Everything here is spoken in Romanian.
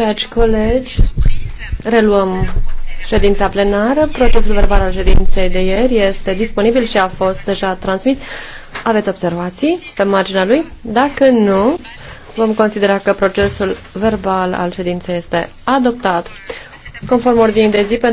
Dragi colegi, reluăm ședința plenară. Procesul verbal al ședinței de ieri este disponibil și a fost deja transmis. Aveți observații pe marginea lui? Dacă nu, vom considera că procesul verbal al ședinței este adoptat. Conform ordinii de zi pentru